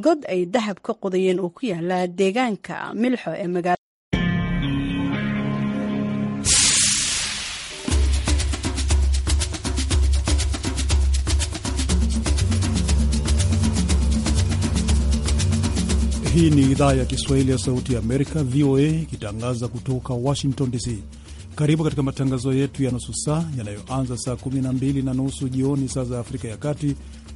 god ay dahab ka qodayeen oo ku yaala deegaanka milxo ee magaalada Hii ni idhaa ya Kiswahili ya Sauti ya Amerika, VOA, ikitangaza kutoka Washington DC. Karibu katika matangazo yetu ya nusu saa yanayoanza saa 12 na nusu jioni saa za Afrika ya Kati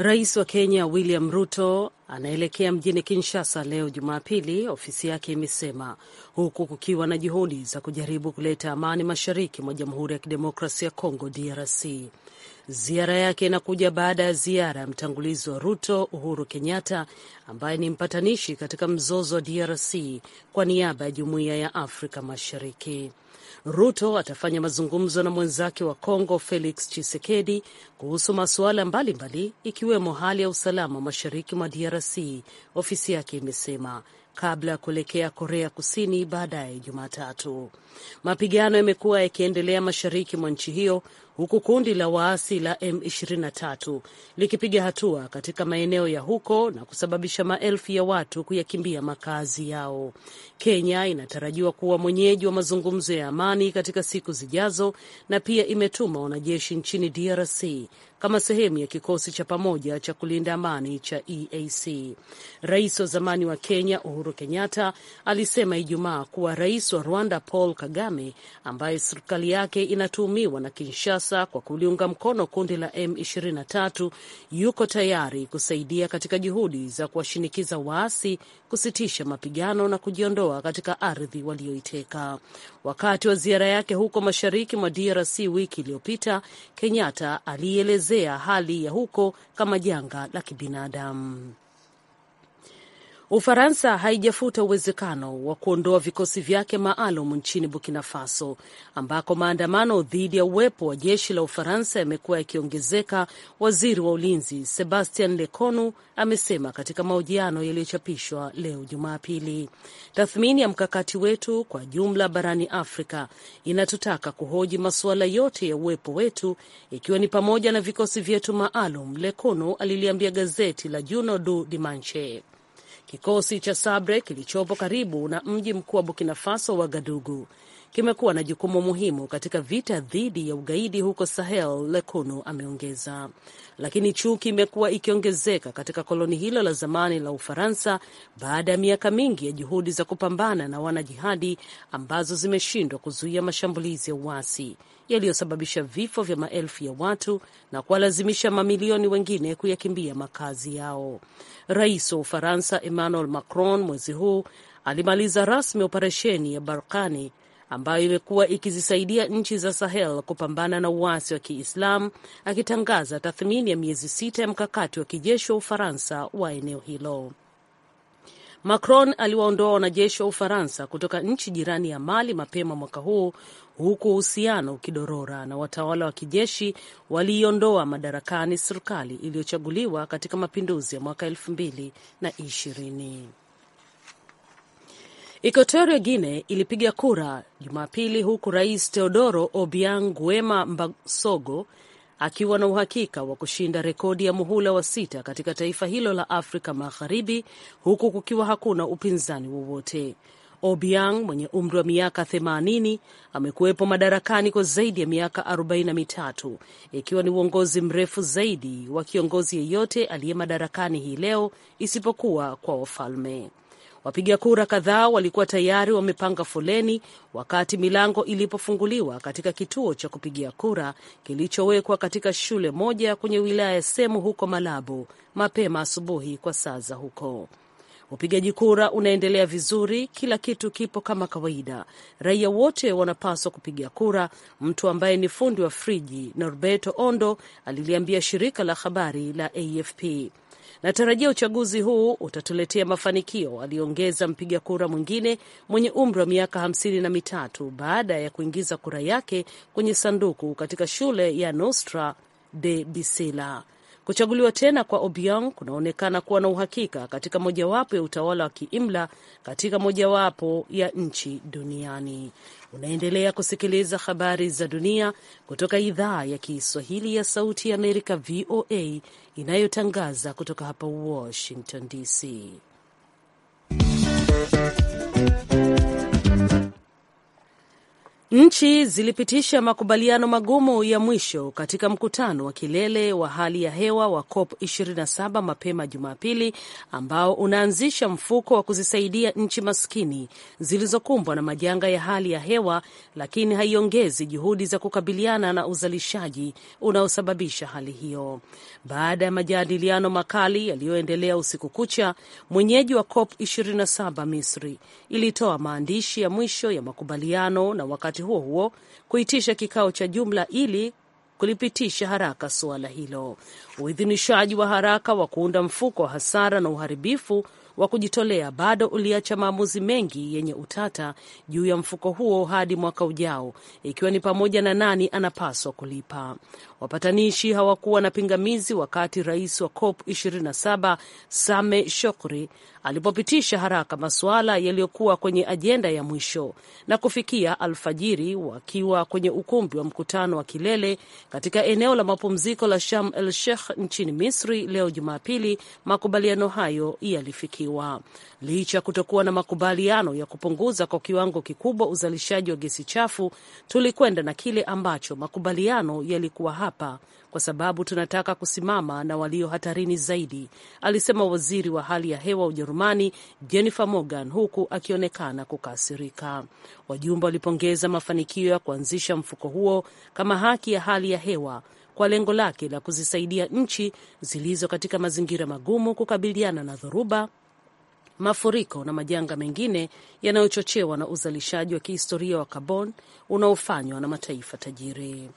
Rais wa Kenya William Ruto anaelekea mjini Kinshasa leo Jumapili, ofisi yake imesema, huku kukiwa na juhudi za kujaribu kuleta amani mashariki mwa Jamhuri ya Kidemokrasia ya Kongo, DRC. Ziara yake inakuja baada ya ziara ya mtangulizi wa Ruto, Uhuru Kenyatta, ambaye ni mpatanishi katika mzozo wa DRC kwa niaba ya Jumuiya ya Afrika Mashariki. Ruto atafanya mazungumzo na mwenzake wa Kongo Felix Tshisekedi kuhusu masuala mbalimbali ikiwemo hali ya usalama mashariki mwa DRC, ofisi yake imesema kabla ya kuelekea Korea Kusini baadaye Jumatatu. Mapigano yamekuwa yakiendelea mashariki mwa nchi hiyo huku kundi la waasi la M23 likipiga hatua katika maeneo ya huko na kusababisha maelfu ya watu kuyakimbia makazi yao. Kenya inatarajiwa kuwa mwenyeji wa mazungumzo ya amani katika siku zijazo na pia imetuma wanajeshi nchini DRC kama sehemu ya kikosi cha pamoja cha kulinda amani cha EAC. Rais wa zamani wa Kenya Uhuru Kenyatta alisema Ijumaa kuwa rais wa Rwanda Paul Kagame, ambaye serikali yake inatuhumiwa na Kinshasa Ufaransa kwa kuliunga mkono kundi la M23 yuko tayari kusaidia katika juhudi za kuwashinikiza waasi kusitisha mapigano na kujiondoa katika ardhi walioiteka. Wakati wa ziara yake huko mashariki mwa DRC wiki iliyopita, Kenyatta alielezea hali ya huko kama janga la kibinadamu. Ufaransa haijafuta uwezekano wa kuondoa vikosi vyake maalum nchini Burkina Faso, ambako maandamano dhidi ya uwepo wa jeshi la Ufaransa yamekuwa yakiongezeka. Waziri wa ulinzi sebastian Lekonu amesema katika mahojiano yaliyochapishwa leo Jumapili, tathmini ya mkakati wetu kwa jumla barani Afrika inatutaka kuhoji masuala yote ya uwepo wetu, ikiwa ni pamoja na vikosi vyetu maalum, Lekonu aliliambia gazeti la juno du Dimanche. Kikosi cha Sabre kilichopo karibu na mji mkuu wa Burkina Faso, wa gadugu kimekuwa na jukumu muhimu katika vita dhidi ya ugaidi huko Sahel, Lekunu ameongeza. Lakini chuki imekuwa ikiongezeka katika koloni hilo la zamani la Ufaransa baada ya miaka mingi ya juhudi za kupambana na wanajihadi ambazo zimeshindwa kuzuia mashambulizi ya uasi yaliyosababisha vifo vya maelfu ya watu na kuwalazimisha mamilioni wengine kuyakimbia makazi yao. Rais wa Ufaransa Emmanuel Macron mwezi huu alimaliza rasmi operesheni ya Barkani ambayo imekuwa ikizisaidia nchi za Sahel kupambana na uasi wa Kiislamu, akitangaza tathmini ya miezi sita ya mkakati wa kijeshi wa Ufaransa wa eneo hilo. Macron aliwaondoa wanajeshi wa Ufaransa kutoka nchi jirani ya Mali mapema mwaka huu huku uhusiano ukidorora na watawala wa kijeshi waliiondoa madarakani serikali iliyochaguliwa katika mapinduzi ya mwaka elfu mbili na ishirini. Equatorial Guine ilipiga kura Jumapili huku Rais Teodoro Obiang guema Mbasogo akiwa na uhakika wa kushinda rekodi ya muhula wa sita katika taifa hilo la Afrika Magharibi huku kukiwa hakuna upinzani wowote. Obiang mwenye umri wa miaka 80 amekuwepo madarakani kwa zaidi ya miaka 43 ikiwa ni uongozi mrefu zaidi wa kiongozi yeyote aliye madarakani hii leo isipokuwa kwa wafalme. Wapiga kura kadhaa walikuwa tayari wamepanga foleni wakati milango ilipofunguliwa katika kituo cha kupigia kura kilichowekwa katika shule moja kwenye wilaya ya Semu huko Malabo mapema asubuhi kwa saa za huko. Upigaji kura unaendelea vizuri, kila kitu kipo kama kawaida. Raia wote wanapaswa kupiga kura, mtu ambaye ni fundi wa friji Norberto Ondo aliliambia shirika la habari la AFP. Natarajia uchaguzi huu utatuletea mafanikio, aliongeza mpiga kura mwingine mwenye umri wa miaka hamsini na mitatu baada ya kuingiza kura yake kwenye sanduku katika shule ya Nostra de Bisila. Kuchaguliwa tena kwa Obiang kunaonekana kuwa na uhakika katika mojawapo ya utawala wa kiimla katika mojawapo ya nchi duniani. Unaendelea kusikiliza habari za dunia kutoka idhaa ya Kiswahili ya Sauti ya Amerika, VOA, inayotangaza kutoka hapa Washington DC. Nchi zilipitisha makubaliano magumu ya mwisho katika mkutano wa kilele wa hali ya hewa wa COP 27 mapema Jumapili, ambao unaanzisha mfuko wa kuzisaidia nchi maskini zilizokumbwa na majanga ya hali ya hewa, lakini haiongezi juhudi za kukabiliana na uzalishaji unaosababisha hali hiyo baada ya majadiliano makali yaliyoendelea usiku kucha. Mwenyeji wa COP 27 Misri ilitoa maandishi ya mwisho ya makubaliano na wakati huo huo kuitisha kikao cha jumla ili kulipitisha haraka suala hilo. Uidhinishaji wa haraka wa kuunda mfuko wa hasara na uharibifu wa kujitolea bado uliacha maamuzi mengi yenye utata juu ya mfuko huo hadi mwaka ujao, ikiwa ni pamoja na nani anapaswa kulipa. Wapatanishi hawakuwa na pingamizi wakati rais wa COP 27 Same Shokri alipopitisha haraka masuala yaliyokuwa kwenye ajenda ya mwisho na kufikia alfajiri, wakiwa kwenye ukumbi wa mkutano wa kilele katika eneo la mapumziko la Sharm el Sheikh nchini Misri leo Jumapili, makubaliano hayo yalifikiwa licha ya kutokuwa na makubaliano ya kupunguza kwa kiwango kikubwa uzalishaji wa gesi chafu. Tulikwenda na kile ambacho makubaliano yalikuwa hapa kwa sababu tunataka kusimama na walio hatarini zaidi, alisema waziri wa hali ya hewa Ujerumani Jennifer Morgan, huku akionekana kukasirika. Wajumbe walipongeza mafanikio ya kuanzisha mfuko huo kama haki ya hali ya hewa kwa lengo lake la kuzisaidia nchi zilizo katika mazingira magumu kukabiliana na dhoruba, mafuriko na majanga mengine yanayochochewa na uzalishaji wa kihistoria wa kaboni unaofanywa na mataifa tajiri.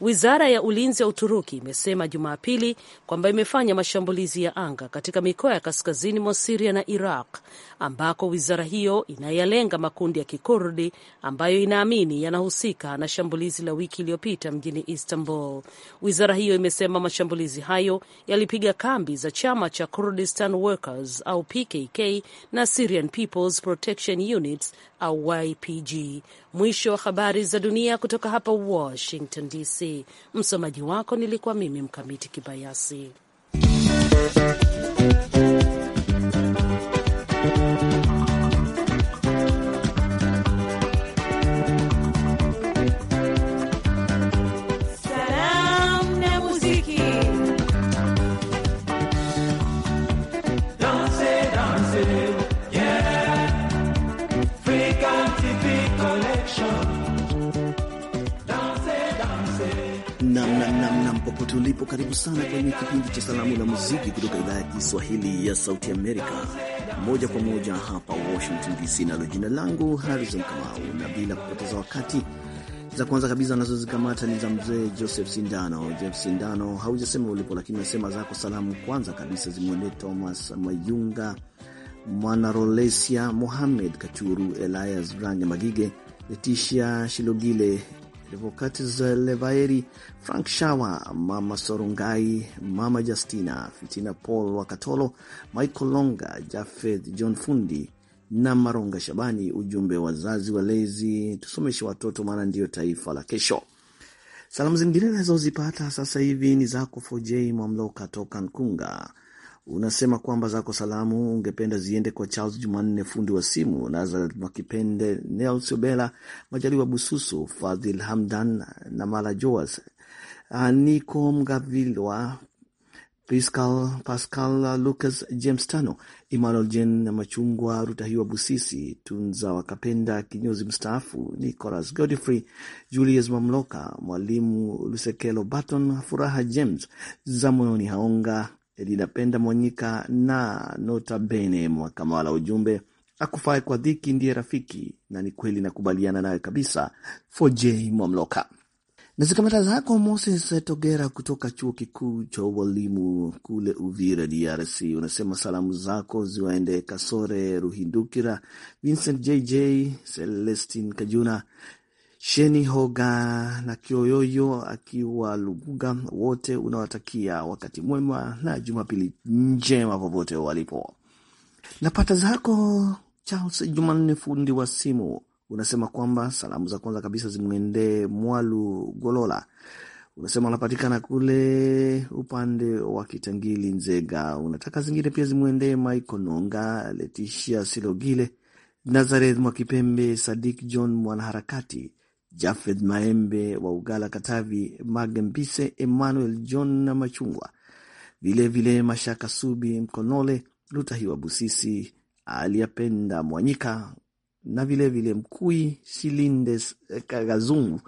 Wizara ya ulinzi ya Uturuki imesema Jumapili kwamba imefanya mashambulizi ya anga katika mikoa ya kaskazini mwa Siria na Iraq, ambako wizara hiyo inayalenga makundi ya Kikurdi ambayo inaamini yanahusika na shambulizi la wiki iliyopita mjini Istanbul. Wizara hiyo imesema mashambulizi hayo yalipiga kambi za chama cha Kurdistan Workers au PKK na Syrian People's Protection Units au YPG. Mwisho wa habari za dunia kutoka hapa Washington DC. DC. Msomaji wako nilikuwa mimi Mkamiti Kibayasi. popote ulipo, karibu sana kwenye kipindi cha salamu na muziki kutoka idhaa ya Kiswahili ya Sauti Amerika, moja kwa moja hapa Washington DC, nalo jina langu Harrison Kamau. Na bila kupoteza wakati, za kwanza kabisa anazozikamata ni za mzee Joseph Sindano. Jeff Sindano, haujasema ulipo, lakini nasema zako salamu kwanza kabisa zimwendee Thomas Mayunga, Mwanarolesia Mohamed Katuru, Elias Brande Magige, Letitia Shilogile Devocatus Levaeri, Frank Shawa, Mama Sorongai, Mama Justina Fitina, Paul Wakatolo, Michael Longa, Jafeth John Fundi na Maronga Shabani. Ujumbe, wazazi walezi, tusomeshe watoto, maana ndiyo taifa la kesho. Salamu zingine nazozipata sasa hivi ni zako Fojei Mwamloka toka Nkunga unasema kwamba zako salamu ungependa ziende kwa Charles Jumanne, fundi wa simu, Nazareth Makipende, Nelso Bela, Majaliwa Bususu, Fadhil Hamdan na Mala Joas, uh, Niko Mgavilwa, Pascal, Pascal uh, Lucas, James Tano, Emmanuel Jen na Machungwa Rutahiwa Busisi, Tunza Wakapenda, kinyozi mstaafu, Nicolas Godfrey, Julius Mamloka, Mwalimu Lusekelo Baton, Furaha James, Zamoni Haonga linapenda Mwanyika na nota bene Mwakamala. Ujumbe akufaa kwa dhiki ndiye rafiki, na ni kweli nakubaliana naye kabisa. 4 Mwamloka na zikamata zako Moses Togera kutoka chuo kikuu cha uwalimu kule Uvira, DRC, unasema salamu zako ziwaende Kasore Ruhindukira, Vincent JJ, Celestin Kajuna, Sheni Hoga na akiwa Lugunga, wote unawatakia wakati mwema na Jumapili njema popote walipo. Napata zako Charles Jumanne, fundi wa simu, unasema kwamba salamu za kwanza kabisa zimwendee Mwalu Golola. Unasema unapatikana kule upande wa Kitangili, Nzega. Unataka zingine pia zimwendee Michael Nonga, Leticia Silogile, Nazareth Mwakipembe, Sadik John mwanaharakati Jafeth Maembe wa Ugala Katavi, Magembise Emmanuel John na Machungwa, vilevile vile Mashaka Subi Mkonole, Lutahiwa Busisi, Aliyapenda Mwanyika na vilevile vile Mkui Shilindes Kagazungu,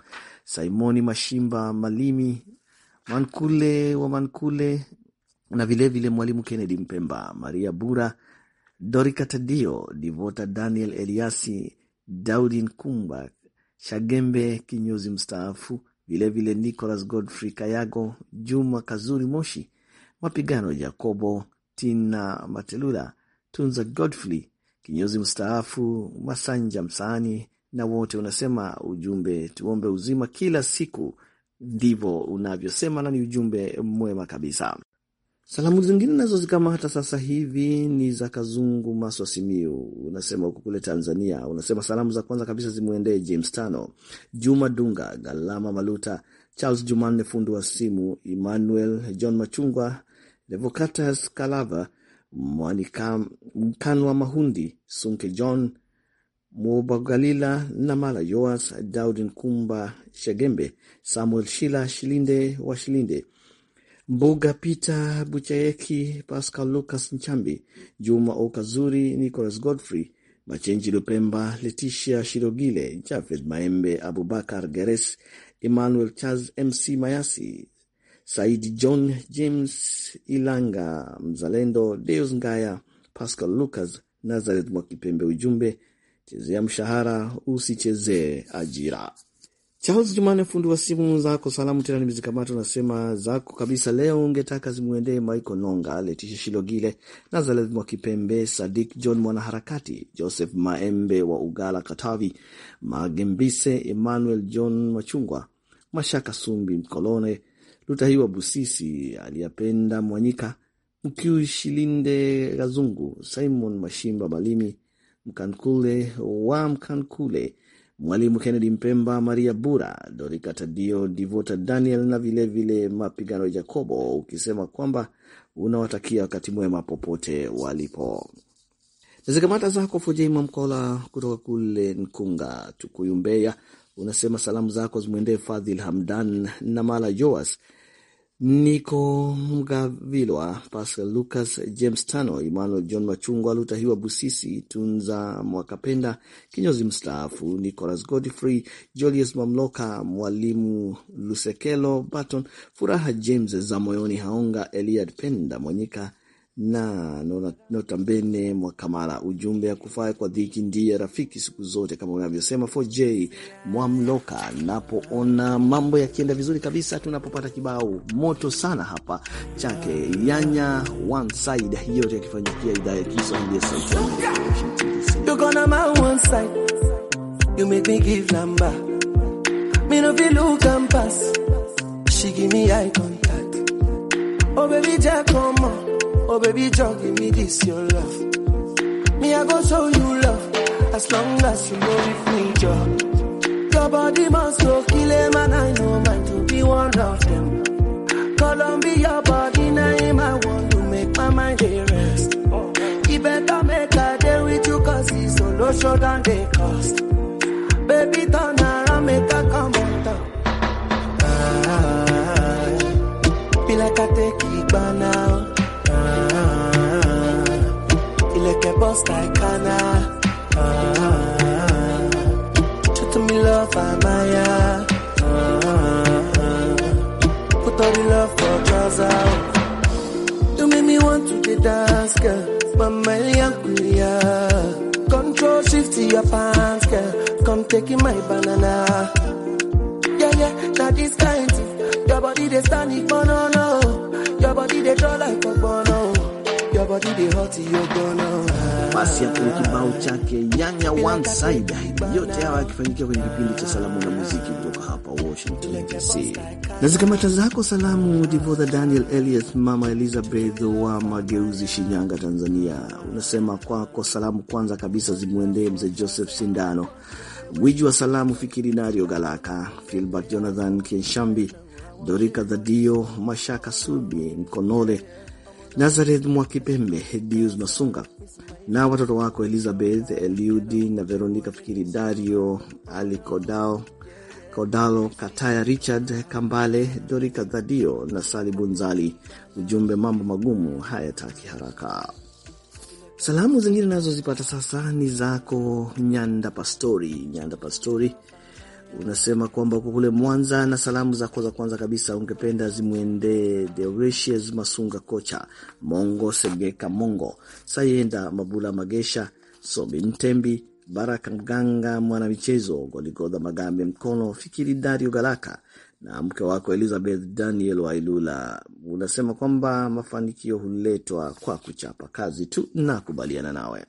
Simoni Mashimba Malimi, Mankule wa Mankule na vilevile vile Mwalimu Kennedy Mpemba, Maria Bura, Dorika Tadio, Divota Daniel Eliasi, Daudi Nkumba, Shagembe kinyozi mstaafu, vilevile nicolas Godfrey Kayago, Juma Kazuri Moshi, Mapigano Jacobo, Tina Matelula, Tunza Godfrey kinyozi mstaafu, Masanja Msaani na wote unasema ujumbe tuombe uzima kila siku, ndivyo unavyosema na ni ujumbe mwema kabisa. Salamu zingine nazo zikama hata sasa hivi ni za Kazungu Maswa Simiu, unasema huko kule Tanzania. Unasema salamu za kwanza kabisa zimwendee James Tano, Juma Dunga, Galama Maluta, Charles Jumanne fundi wa simu, Emmanuel John Machungwa, Revocatus Kalava, Mkanwa Mahundi, Sunke John Mubagalila na Mala Yoas, Daudi Nkumba Shegembe, Samuel Shila Shilinde wa Shilinde Mbuga Peter Bucheyeki, Pascal Lucas Nchambi, Juma Okazuri, Nicholas Godfrey Machenji Lupemba, Leticia Shirogile, Jafed Maembe, Abubakar Geres, Emmanuel Charles, MC Mayasi, Saidi John James Ilanga Mzalendo, Deus Ngaya, Pascal Lucas, Nazareth Mwakipembe. Ujumbe chezea mshahara, usichezee ajira. Charles Jumane, fundi wa simu zako salamu tena nimezikamata, unasema zako kabisa leo ungetaka zimwendee Michael Nonga, Letisha Shilogile, Nazareth Mwakipembe, Sadik John mwanaharakati, Joseph Maembe wa Ugala Katavi, Magembise Emmanuel John Machungwa, Mashaka Sumbi Mkolone, Lutahiwa Busisi, Aliyapenda Mwanyika, Mkiu Shilinde Gazungu, Simon Mashimba Malimi, Mkankule wa Mkankule Mwalimu Kennedy Mpemba, Maria Bura, Dorika Tadio, Divota Daniel na vilevile vile Mapigano Jacobo, ukisema kwamba unawatakia wakati mwema popote walipo. Nazikamata zako Fojeima Mkola kutoka kule Nkunga, Tukuyu, Mbeya. Unasema salamu zako zimwendee Fadhil Hamdan na Mala Joas Nico Mgavilwa, Pascal Lucas, James Tano, Emmanuel John Machungwa, Lutahiwa Busisi, Tunza Mwakapenda, kinyozi mstaafu, Nicolas Godfrey, Julius Mamloka, Mwalimu Lusekelo Baton, Furaha James za Moyoni, Haonga Eliad Penda Mwanyika, na notabene Mwakamala, ujumbe akufaa kwa dhiki ndiye rafiki siku zote, kama unavyosema 4J Mwamloka. Napoona mambo yakienda vizuri kabisa, tunapopata kibao moto sana hapa chake Yanya one side, yote yakifanyikia idhaa ya Kiswahili ya Sauti ya Amerika. Oh baby, just give me this your love. Me I go show you love as long as you know me feel your. Your body must go kill him and I know mine to be one of them. Colombia body name I want to make my mind rest. He better make a day with you cause it's so low show than they cost. Baby turn around make a come on down. Ah, feel like I take it by now. get bust like Kana. Ah, to me love, Amaya. Ah, put all the love for Gaza. You make me want to the dance, girl. Mama Yankulia. Control shift to your pants, girl. Come taking my banana. Yeah, yeah, that is kind. Your body they stand it, no, no. Your body they draw like a bono. Basi hapo ni kibao chake nyanya one side. Yote hawa yakifanyikia kwenye kipindi cha salamu na muziki kutoka hapa Washington DC. Na zikamata zako salamu, Divodha Daniel Elias, mama Elizabeth wa Mageuzi, Shinyanga, Tanzania. Unasema kwako salamu kwanza kabisa zimwendee mzee Joseph Sindano, wiji wa salamu Fikiri Nario Galaka, Filbert Jonathan Kenshambi, Dorika Dhadio, Mashaka Subi Mkonole Nazareth Mwakipembe, dius Masunga na watoto wako Elizabeth Eliudi na Veronica Fikiri, Dario Kodao, Kodalo Kataya, Richard Kambale, Dorika Dhadio na Sali Bunzali. Ujumbe, mambo magumu hayataki haraka. Salamu zingine nazozipata sasa ni zako Nyanda Pastori. Nyanda Pastori unasema kwamba uko kule Mwanza na salamu zako za kwanza kabisa ungependa zimwendee Deuresius Masunga, kocha Mongo Segeka, Mongo Sayenda, Mabula Magesha, Sobi Mtembi, Baraka Mganga, mwanamichezo Goligodha Magambe, Mkono Fikiri, Dario Galaka na mke wako Elizabeth Daniel Wailula. Unasema kwamba mafanikio huletwa kwa kuchapa kazi tu, na kubaliana nawe.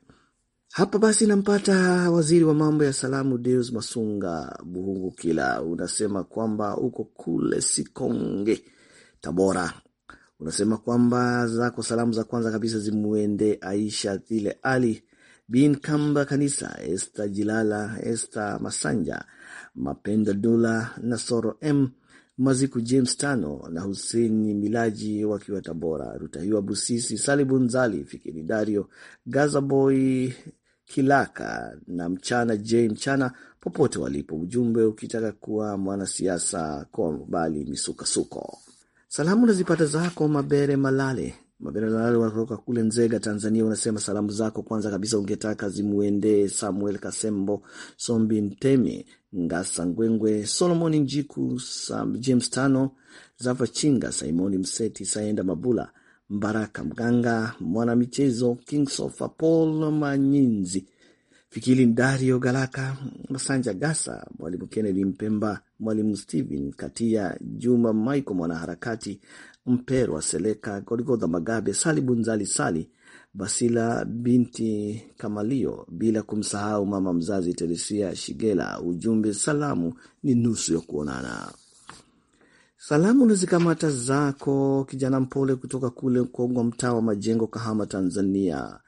Hapa basi nampata waziri wa mambo ya salamu Deus Masunga Buhungu Kila, unasema kwamba uko kule Sikonge, Tabora. Unasema kwamba zako salamu za kwanza kabisa zimwende Aisha Thile Ali bin Kamba Kanisa, Esta Jilala, Esta Masanja, Mapenda Dula na Soro M Maziku, James Tano na Huseni Milaji wakiwa Tabora, Rutahiwa Busisi, Salibunzali, Fikiri Dario, Gaza Boy Kilaka na Mchana J Mchana popote walipo, ujumbe ukitaka kuwa mwanasiasa mbali misukasuko. Salamu nazipata zako Mabere Malale. Mabere Malale wanatoka kule Nzega, Tanzania. Unasema salamu zako kwanza kabisa ungetaka zimuendee Samuel Kasembo, Sombi Ntemi, Ngasa Ngwengwe, Solomoni Njiku, Sam James Tano, Zava Chinga, Simoni Mseti, Saenda Mabula Mbaraka Mganga, mwanamichezo Kingsofa Paul Manyinzi, Fikili Dario Galaka, Masanja Gasa, Mwalimu Kennedy Mpemba, Mwalimu Stephen Katia, Juma Michael, mwanaharakati Mperwa Seleka, Godgodha Magabe, Sali Bunzali, Sali Basila binti Kamalio, bila kumsahau mama mzazi Teresia Shigela. Ujumbe, salamu ni nusu ya kuonana. Salamu na zikamata zako kijana mpole kutoka kule Kongwa, mtaa wa Majengo, Kahama, Tanzania.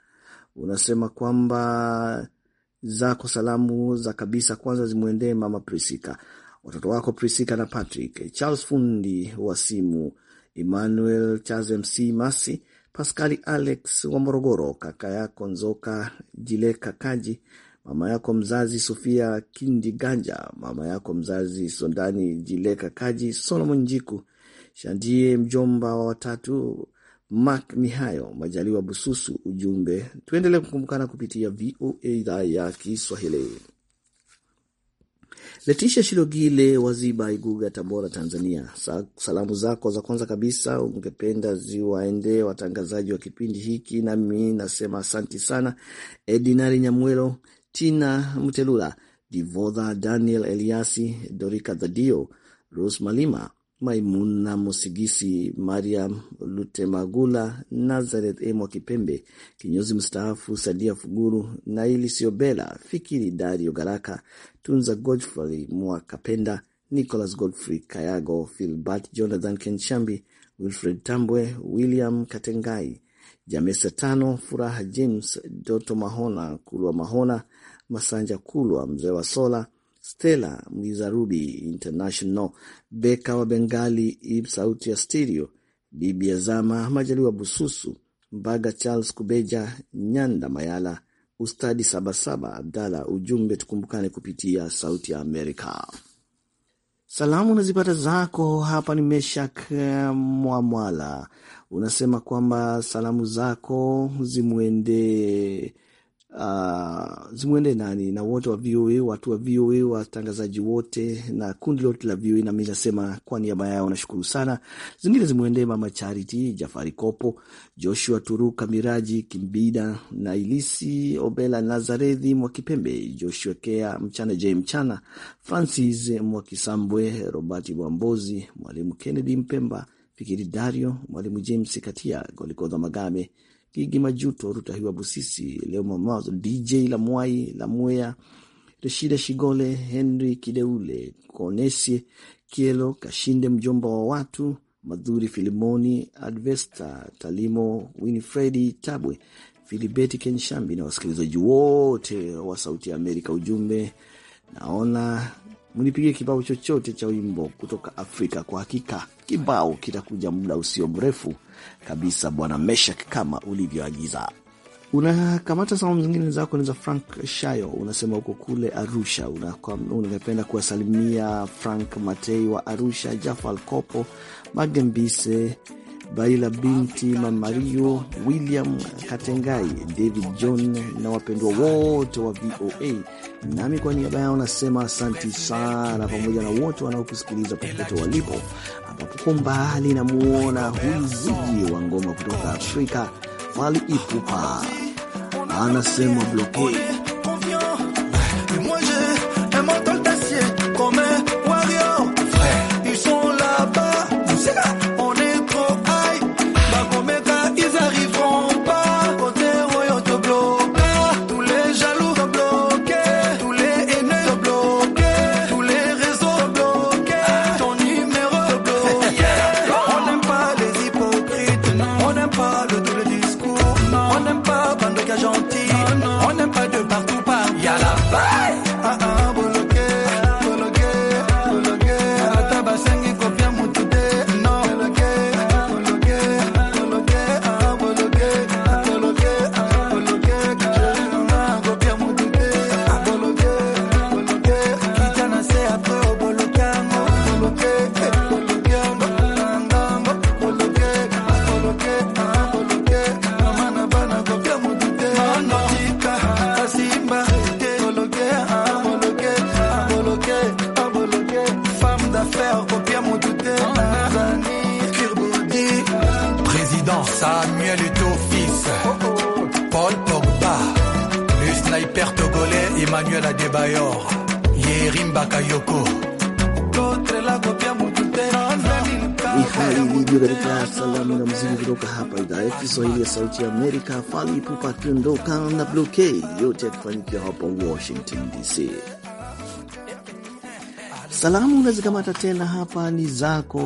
Unasema kwamba zako salamu za kabisa kwanza zimwendee mama Prisika, watoto wako Prisika na Patrick, Charles fundi wa simu, Emmanuel Charles, MC Masi, Pascali Alex wa Morogoro, kaka yako Nzoka Jileka Kaji mama yako mzazi Sofia kindi ganja mama yako mzazi Sondani Jileka Kaji, Solomon Njiku Shandie, mjomba wa watatu Mak Mihayo Majaliwa Bususu. Ujumbe, tuendelee kukumbukana kupitia VOA idhaa ya Kiswahili. Letisha Shilogile Waziba, Iguga, Tabora, Tanzania, salamu zako za kwanza kabisa ungependa ziwaende watangazaji wa kipindi hiki, nami nasema asanti sana. Edinari Nyamwelo, Tina Mtelula, Divodha Daniel Eliasi, Dorika Thadio, Rose Malima, Maimuna Musigisi, Mariam Lutemagula, Nazareth Emwa Kipembe, kinyozi mstaafu Sadia Fuguru, Naili Siobela, Fikiri Dario Garaka, Tunza Godfrey Mwakapenda, Nicholas Godfrey Kayago, Filbert Jonathan Kenshambi, Wilfred Tambwe, William Katengai, Jamesa Tano, Furaha James, Doto Mahona, Kulwa Mahona, Masanja Kulwa, Mzee wa Sola, Stella Mwizarubi International, Beka wa Bengali, Ib Sauti ya Stereo, Bibi ya Zama, Majaliwa Bususu, Mbaga Charles Kubeja, Nyanda Mayala, Ustadi Sabasaba Abdala. Ujumbe, tukumbukane kupitia Sauti ya Amerika. Salamu na zipata zako hapa. Ni Meshak eh, Mwamwala, unasema kwamba salamu zako zimwendee uh, zimwende nani na wote wa VOA, watu wa VOA, watangazaji wote na kundi lote la VOA. Nami nasema kwa niaba yao nashukuru sana. Zingine zimwende Mama Charity Jafari, Kopo Joshua, Turuka Miraji Kimbida na Ilisi Obela, Nazarethi Mwakipembe, Joshua Kea, Mchana J Mchana, Francis Mwakisambwe, Robert Bwambozi, Mwalimu Kennedy Mpemba, Fikiri Dario, Mwalimu James Katia, Golikodha Magame Gigi Majuto, Rutahiwa Busisi, Leo Mamazo, DJ Lamwai Lamwea, Reshida Shigole, Henry Kideule, Konesie Kielo, Kashinde mjomba wa watu, Madhuri Filimoni, Advesta Talimo, winfredi Tabwe, Filibeti Kenshambi na wasikilizaji wote wa Sauti ya Amerika. Ujumbe naona munipigie kibao chochote cha wimbo kutoka Afrika. Kwa hakika kibao kitakuja muda usio mrefu kabisa, Bwana Meshak, kama ulivyoagiza. Unakamata salamu zingine zako ni za Frank Shayo, unasema uko kule Arusha. Ungependa kuwasalimia Frank Matei wa Arusha, Jafal Kopo Magembise Baila binti Mamario, William Katengai, David John na wapendwa wote wa VOA. Nami kwa niaba yao nasema asanti sana, pamoja na wote wanaokusikiliza popote walipo, ambapo kwa mbali namuona huiziji wa ngoma kutoka Afrika Fally Ipupa anasema blokei Samuel Utofis, Paul Pogba, le sniper togolais Emmanuel Adebayor, Yerim Bakayoko. Ni katika salamu na muziki kutoka hapa idhaa ya Kiswahili ya Sauti ya Amerika. Fali Pupa akiondoka na Bloke, yote yakifanyikia hapa Washington DC. Salamu unazikamata tena hapa, ni zako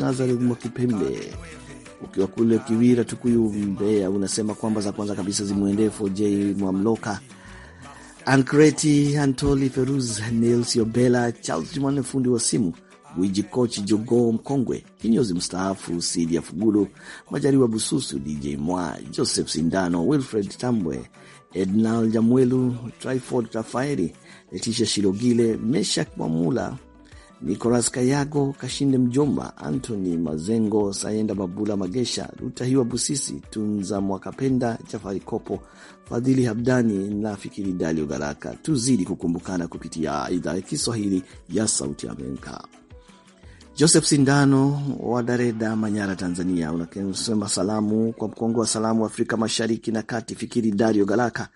nazareth Mwakipembe ukiwa kule Kiwira, Tukuyu, Mbeya, unasema kwamba za kwanza kabisa zimwendee FJ Mwamloka, Ankreti Antoli, Feruz Nelsio, Bela Charles Jumanne, fundi wa simu Wiji Kochi jogo mkongwe kinyozi mstaafu, Sidia Fugulu Majariwa Bususu, DJ Mwa Joseph Sindano, Wilfred Tambwe, Ednal Jamwelu, Triford Rafaeli, Letisha Shilogile, Meshak Mwamula Nicolas Kayago Kashinde, Mjomba Anthony Mazengo, Sayenda Mabula, Magesha Rutahiwa, Busisi Tunza, Mwakapenda Jafari Kopo, Fadhili Habdani na Fikiri Dalio Garaka. Tuzidi kukumbukana kupitia idhaa ya Kiswahili ya Sauti Amerika. Joseph Sindano wa Dareda, Manyara, Tanzania, unasema salamu kwa mkongo wa salamu wa Afrika Mashariki na Kati, Fikiri Dario Galaka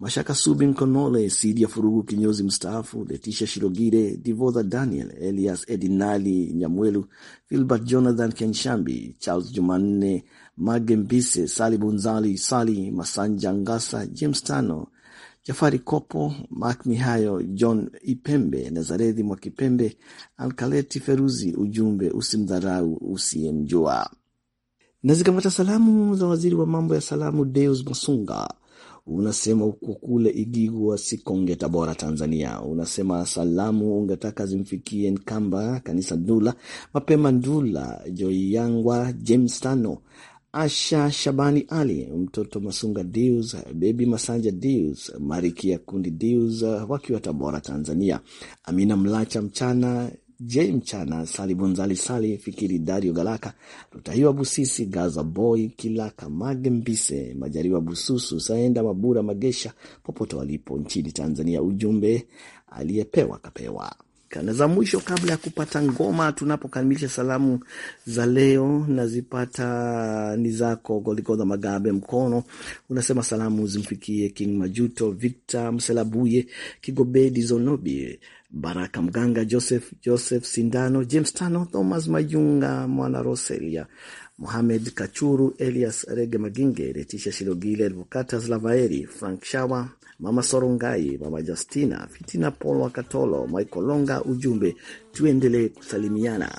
Mashaka Subi Mkonole, Sidia Furugu kinyozi mstaafu, Letisha Shirogire, Divodha Daniel Elias Edinali Nyamwelu, Filbert Jonathan Kenshambi, Charles Jumanne Magembise, Sali Bunzali, Sali Masanja Ngasa, James Tano, Jafari Kopo, Mak Mihayo, John Ipembe, Nazarethi Mwakipembe, Alkaleti Feruzi. Ujumbe usimdharau usiyemjua. Na zikamata salamu za waziri wa mambo ya salamu Deus Masunga unasema uko kule Igigwa, Sikonge, Tabora, Tanzania. Unasema salamu ungetaka zimfikie Nkamba Kanisa, Ndula Mapema, Ndula Joiyangwa, James Tano, Asha Shabani Ali, mtoto Masunga Deus, Bebi Masanja Deus, Marikia Kundi Deus wakiwa Tabora, Tanzania. Amina Mlacha mchana J Mchana, Sali Bunzali, Sali Fikiri, Dario Galaka, Rutahiwa Busisi, Gaza Boy, Kilaka Mage, Mbise Majariwa Bususu Saenda, Mabura Magesha, popote walipo nchini Tanzania. Ujumbe aliyepewa kapewa kana za mwisho kabla ya kupata ngoma. Tunapokamilisha salamu za leo, nazipata ni zako Golikodha Magabe Mkono, unasema salamu zimfikie King Majuto, Victor Mselabuye, Kigobedi Zonobi, Baraka Mganga, Joseph Joseph Sindano, James Tano, Thomas Mayunga, Mwana Roselia, Mohamed Kachuru, Elias Rege Maginge, Retisha Shilogile, Advocatas Lavaeri, Frank Shawa, Mama Sorongai, Mama Justina Fitina, paul wakatolo Michael Longa. Ujumbe tuendelee kusalimiana.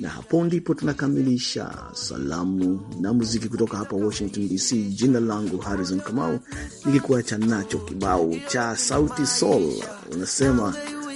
Na hapo ndipo tunakamilisha salamu na muziki kutoka hapa Washington DC. Jina langu Harrison Kamau, nikikuacha nacho kibao cha Sauti Sol unasema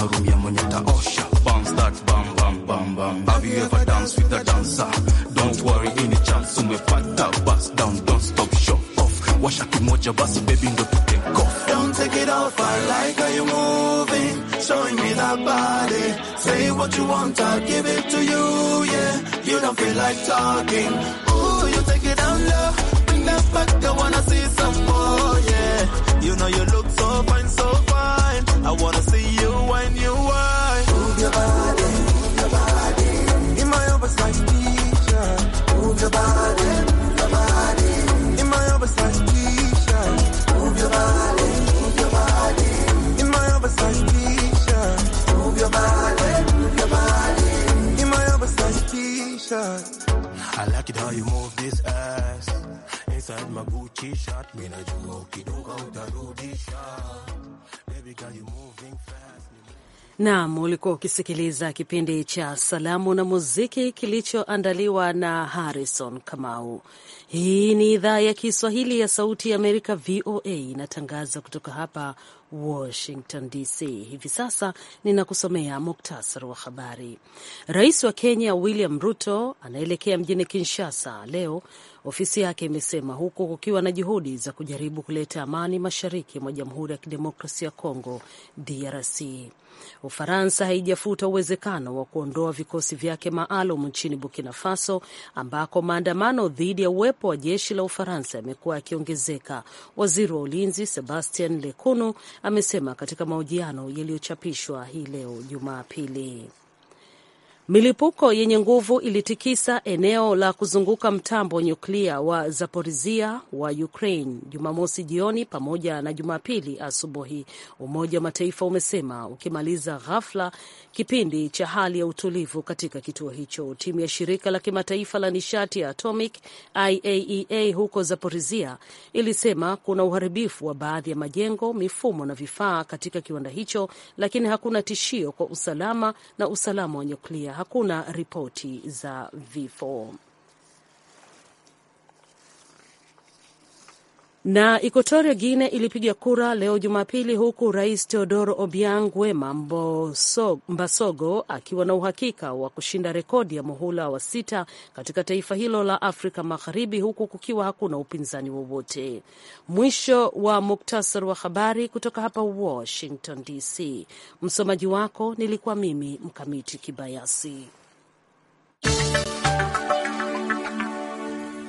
na mwenye taosha. Bounce that bam bam bam bam. Have you ever danced with a dancer? Don't worry, any chance umepata. Bust down, don't stop, show off. Washa kimoja basi baby ndo take off. Don't take it off, I like how you moving. Showing me that body. Say what you want, I'll give it to you, yeah. You don't feel like talking. Ooh, you take it down low. Bring that back, I wanna see some more, yeah. You know you look so fine, so fine. I wanna see you. nam utarudisha. Baby girl you moving fast. Naam, ulikuwa ukisikiliza kipindi cha salamu na muziki kilichoandaliwa na Harrison Kamau. Hii ni idhaa ya Kiswahili ya Sauti ya Amerika, VOA, inatangaza kutoka hapa Washington DC. Hivi sasa ninakusomea muktasari wa habari. Rais wa Kenya William Ruto anaelekea mjini Kinshasa leo, ofisi yake imesema, huku kukiwa na juhudi za kujaribu kuleta amani mashariki mwa Jamhuri ya Kidemokrasia ya Kongo, DRC. Ufaransa haijafuta uwezekano wa kuondoa vikosi vyake maalum nchini Burkina Faso, ambako maandamano dhidi ya uwepo wa jeshi la Ufaransa yamekuwa yakiongezeka. Waziri wa ulinzi sebastian Lecornu amesema katika mahojiano yaliyochapishwa hii leo Jumapili. Milipuko yenye nguvu ilitikisa eneo la kuzunguka mtambo nyuklia wa Zaporizia wa Ukraine Jumamosi jioni pamoja na Jumapili asubuhi, Umoja wa Mataifa umesema ukimaliza ghafla kipindi cha hali ya utulivu katika kituo hicho. Timu ya shirika la kimataifa la nishati ya atomic IAEA e huko Zaporizia ilisema kuna uharibifu wa baadhi ya majengo, mifumo na vifaa katika kiwanda hicho, lakini hakuna tishio kwa usalama na usalama wa nyuklia hakuna ripoti za vifo. Na ikotorio Guine ilipiga kura leo Jumapili, huku rais Teodoro Obiang Wema Mbasogo akiwa na uhakika wa kushinda rekodi ya muhula wa sita katika taifa hilo la Afrika Magharibi, huku kukiwa hakuna upinzani wowote. Mwisho wa muktasar wa habari kutoka hapa Washington DC. Msomaji wako nilikuwa mimi Mkamiti Kibayasi.